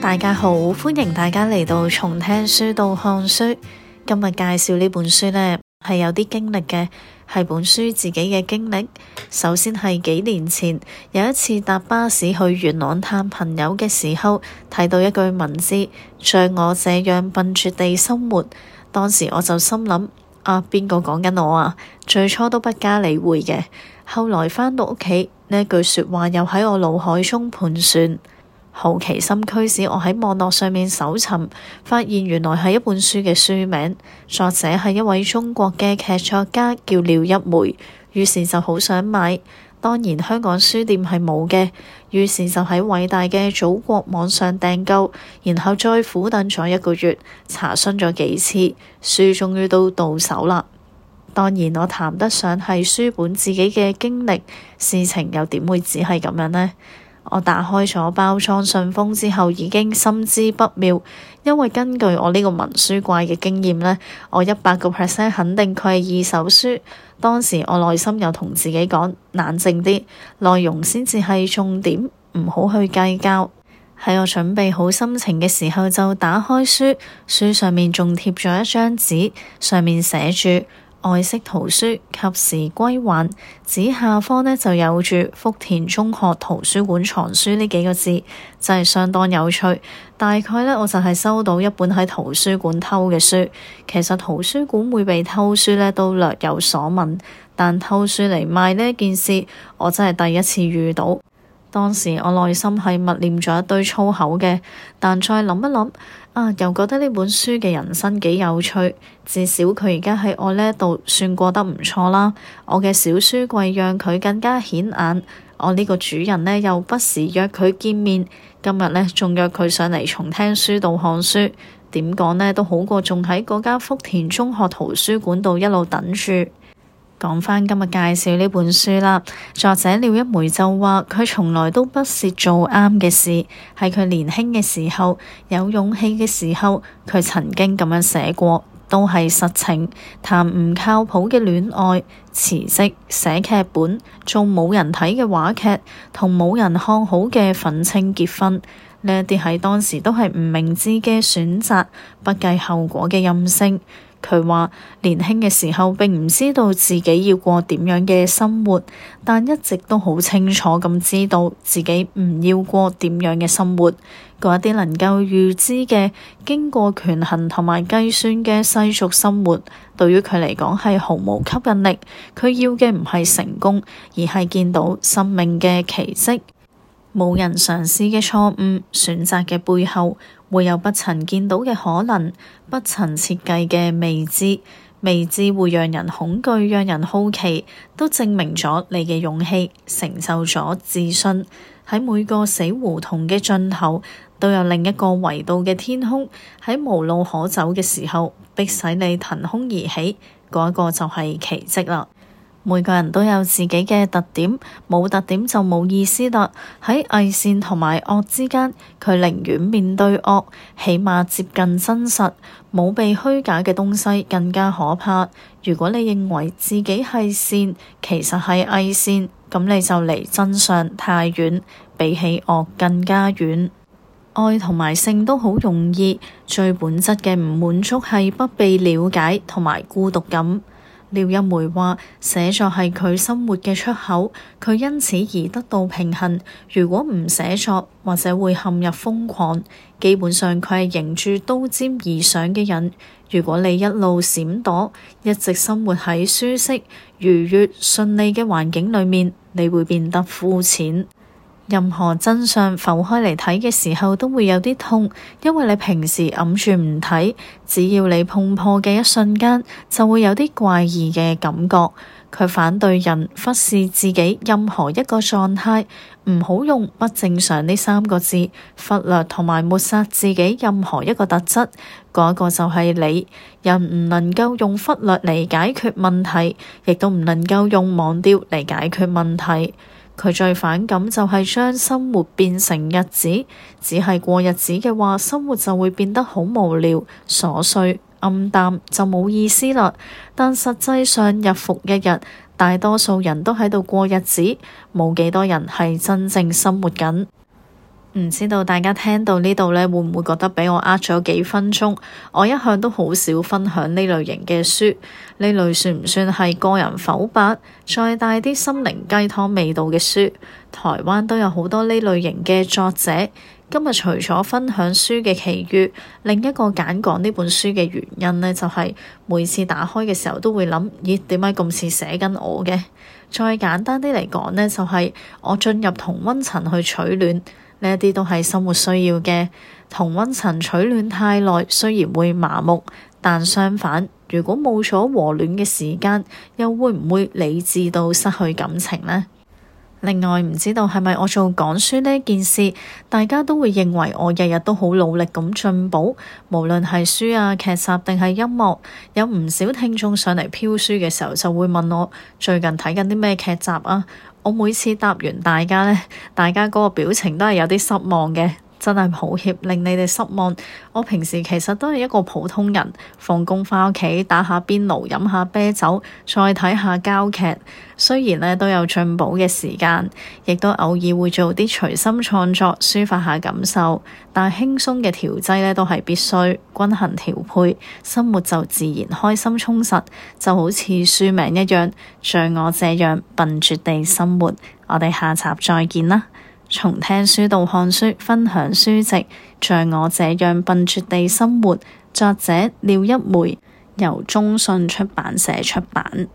大家好，歡迎大家嚟到從聽書到看書。今日介紹呢本書呢，係有啲經歷嘅，係本書自己嘅經歷。首先係幾年前，有一次搭巴士去元朗探朋友嘅時候，睇到一句文字：像我這樣笨拙地生活。當時我就心諗：啊，邊個講緊我啊？最初都不加理會嘅。後來返到屋企，呢句說話又喺我腦海中盤旋。好奇心驅使我喺網絡上面搜尋，發現原來係一本書嘅書名，作者係一位中國嘅劇作家叫廖一梅，於是就好想買。當然香港書店係冇嘅，於是就喺偉大嘅祖國網上訂購，然後再苦等咗一個月，查詢咗幾次，書終於都到手啦。當然我談得上係書本自己嘅經歷，事情又點會只係咁樣呢？我打開咗包裝信封之後，已經心知不妙，因為根據我呢個文書怪嘅經驗呢，我一百個 percent 肯定佢係二手書。當時我內心又同自己講冷靜啲，內容先至係重點，唔好去計較。喺我準備好心情嘅時候，就打開書，書上面仲貼咗一張紙，上面寫住，愛惜圖書，及時歸還。指下方咧就有住福田中學圖書館藏書呢幾個字，真係相當有趣。大概咧，我就係收到一本喺圖書館偷嘅書。其實圖書館會被偷書咧，都略有所聞，但偷書嚟賣呢件事，我真係第一次遇到。當時我內心係默念咗一堆粗口嘅，但再諗一諗，啊，又覺得呢本書嘅人生幾有趣，至少佢而家喺我呢度算過得唔錯啦。我嘅小書櫃讓佢更加顯眼，我呢個主人呢，又不時約佢見面，今日呢，仲約佢上嚟從聽書到看書，點講呢？都好過仲喺嗰間福田中學圖書館度一路等住。講返今日介紹呢本書啦，作者廖一梅就話：佢從來都不屑做啱嘅事，係佢年輕嘅時候，有勇氣嘅時候，佢曾經咁樣寫過，都係實情。談唔靠譜嘅戀愛，辭職寫劇本，做冇人睇嘅話劇，同冇人看好嘅憤青結婚，呢啲喺當時都係唔明智嘅選擇，不計後果嘅任性。佢話年輕嘅時候並唔知道自己要過點樣嘅生活，但一直都好清楚咁知道自己唔要過點樣嘅生活。嗰啲能夠預知嘅、經過權衡同埋計算嘅世俗生活，對於佢嚟講係毫無吸引力。佢要嘅唔係成功，而係見到生命嘅奇蹟。冇人嘗試嘅錯誤，選擇嘅背後。會有不曾見到嘅可能，不曾設計嘅未知，未知會讓人恐懼，讓人好奇，都證明咗你嘅勇氣，成就咗自信。喺每個死胡同嘅盡頭，都有另一個維度嘅天空。喺無路可走嘅時候，迫使你騰空而起，嗰、那個就係奇蹟啦。每個人都有自己嘅特點，冇特點就冇意思。得喺偽善同埋惡之間，佢寧願面對惡，起碼接近真實。冇被虛假嘅東西更加可怕。如果你認為自己係善，其實係偽善，咁你就離真相太遠，比起惡更加遠。愛同埋性都好容易，最本質嘅唔滿足係不被了解同埋孤獨感。廖一梅話：寫作係佢生活嘅出口，佢因此而得到平衡。如果唔寫作，或者會陷入瘋狂。基本上佢係迎住刀尖而上嘅人。如果你一路閃躲，一直生活喺舒適、愉悅、順利嘅環境裏面，你會變得膚淺。任何真相浮開嚟睇嘅時候，都會有啲痛，因為你平時揞住唔睇，只要你碰破嘅一瞬間，就會有啲怪異嘅感覺。佢反對人忽視自己任何一個狀態，唔好用不正常呢三個字，忽略同埋抹殺自己任何一個特質，嗰個就係你。人唔能夠用忽略嚟解決問題，亦都唔能夠用忘掉嚟解決問題。佢最反感就係將生活變成日子，只係過日子嘅話，生活就會變得好無聊、瑣碎、暗淡，就冇意思啦。但實際上，日復一日，大多數人都喺度過日子，冇幾多人係真正生活緊。唔知道大家聽到呢度咧，會唔會覺得畀我呃咗幾分鐘？我一向都好少分享呢類型嘅書，呢類算唔算係個人剖白，再帶啲，心靈雞湯味道嘅書，台灣都有好多呢類型嘅作者。今日除咗分享書嘅其餘，另一個揀講呢本書嘅原因呢，就是，就係每次打開嘅時候都會諗咦點解咁似寫緊我嘅？再簡單啲嚟講呢，就係、是、我進入同温層去取暖。呢一啲都係生活需要嘅，同温層取暖太耐，雖然會麻木，但相反，如果冇咗和暖嘅時間，又會唔會理智到失去感情呢？另外，唔知道係咪我做講書呢件事，大家都會認為我日日都好努力咁進步，無論係書啊，劇集定係音樂，有唔少聽眾上嚟飄書嘅時候，就會問我最近睇緊啲咩劇集啊？我每次答完大家咧，大家嗰個表情都係有啲失望嘅。真係抱歉，令你哋失望。我平時其實都係一個普通人，放工翻屋企打下邊爐，飲下啤酒，再睇下交劇。雖然呢都有進步嘅時間，亦都偶爾會做啲隨心創作，抒發下感受。但輕鬆嘅調劑呢都係必須，均衡調配，生活就自然開心充實。就好似書名一樣，像我這樣笨拙地生活。我哋下集再見啦！從聽書到看書，分享書籍，像我這樣笨拙地生活。作者廖一梅，由中信出版社出版。